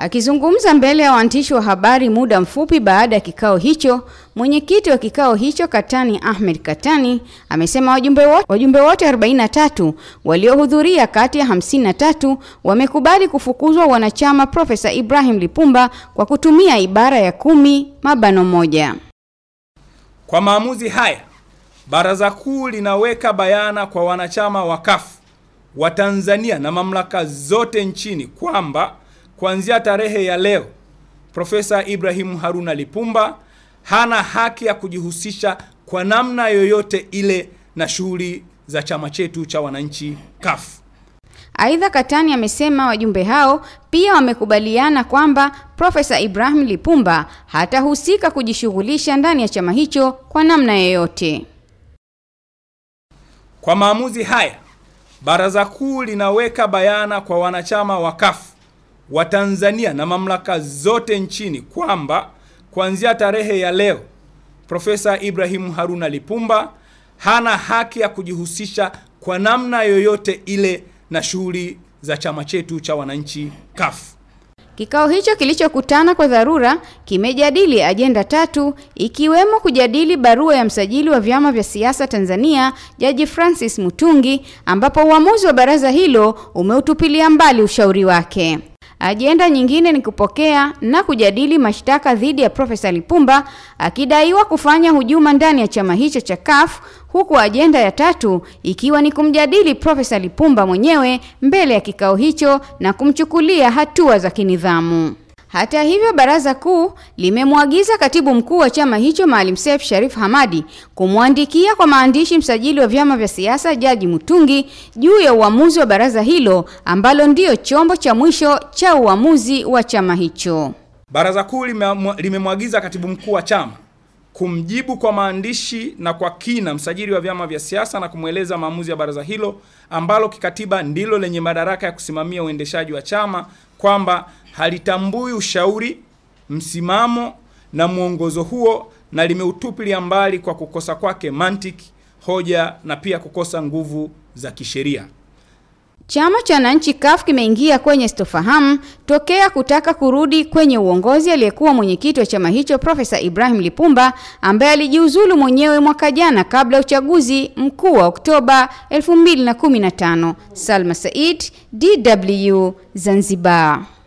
Akizungumza mbele ya waandishi wa habari muda mfupi baada ya kikao hicho, mwenyekiti wa kikao hicho Katani Ahmed Katani amesema wajumbe wote wajumbe wote 43 waliohudhuria kati ya 53 wamekubali kufukuzwa wanachama Profesa Ibrahim Lipumba kwa kutumia ibara ya kumi mabano moja. Kwa maamuzi haya, Baraza Kuu linaweka bayana kwa wanachama wa CUF wa Tanzania na mamlaka zote nchini kwamba kuanzia tarehe ya leo Profesa Ibrahim Haruna Lipumba hana haki ya kujihusisha kwa namna yoyote ile na shughuli za chama chetu cha wananchi CUF. Aidha, Katani amesema wajumbe hao pia wamekubaliana kwamba Profesa Ibrahim Lipumba hatahusika kujishughulisha ndani ya chama hicho kwa namna yoyote. Kwa maamuzi haya, Baraza Kuu linaweka bayana kwa wanachama wa CUF wa tanzania na mamlaka zote nchini kwamba kuanzia tarehe ya leo Profesa Ibrahim Haruna Lipumba hana haki ya kujihusisha kwa namna yoyote ile na shughuli za chama chetu cha wananchi CUF. Kikao hicho kilichokutana kwa dharura kimejadili ajenda tatu ikiwemo kujadili barua ya msajili wa vyama vya siasa Tanzania, Jaji Francis Mutungi, ambapo uamuzi wa baraza hilo umeutupilia mbali ushauri wake. Ajenda nyingine ni kupokea na kujadili mashtaka dhidi ya Profesa Lipumba akidaiwa kufanya hujuma ndani ya chama hicho cha CUF, huku ajenda ya tatu ikiwa ni kumjadili Profesa Lipumba mwenyewe mbele ya kikao hicho na kumchukulia hatua za kinidhamu. Hata hivyo, baraza kuu limemwagiza katibu mkuu wa chama hicho Maalim Seif Sharif Hamadi kumwandikia kwa maandishi msajili wa vyama vya siasa Jaji Mutungi juu ya uamuzi wa baraza hilo ambalo ndiyo chombo cha mwisho cha uamuzi wa chama hicho. Baraza kuu limemwagiza katibu mkuu wa chama kumjibu kwa maandishi na kwa kina msajili wa vyama vya siasa na kumweleza maamuzi ya baraza hilo ambalo kikatiba ndilo lenye madaraka ya kusimamia uendeshaji wa chama kwamba halitambui ushauri, msimamo na mwongozo huo na limeutupilia mbali kwa kukosa kwake mantiki, hoja na pia kukosa nguvu za kisheria. Chama cha wananchi CUF kimeingia kwenye sitofahamu tokea kutaka kurudi kwenye uongozi aliyekuwa mwenyekiti wa chama hicho Profesa Ibrahim Lipumba ambaye alijiuzulu mwenyewe mwaka jana kabla ya uchaguzi mkuu wa Oktoba 2015. Salma Said, DW, Zanzibar.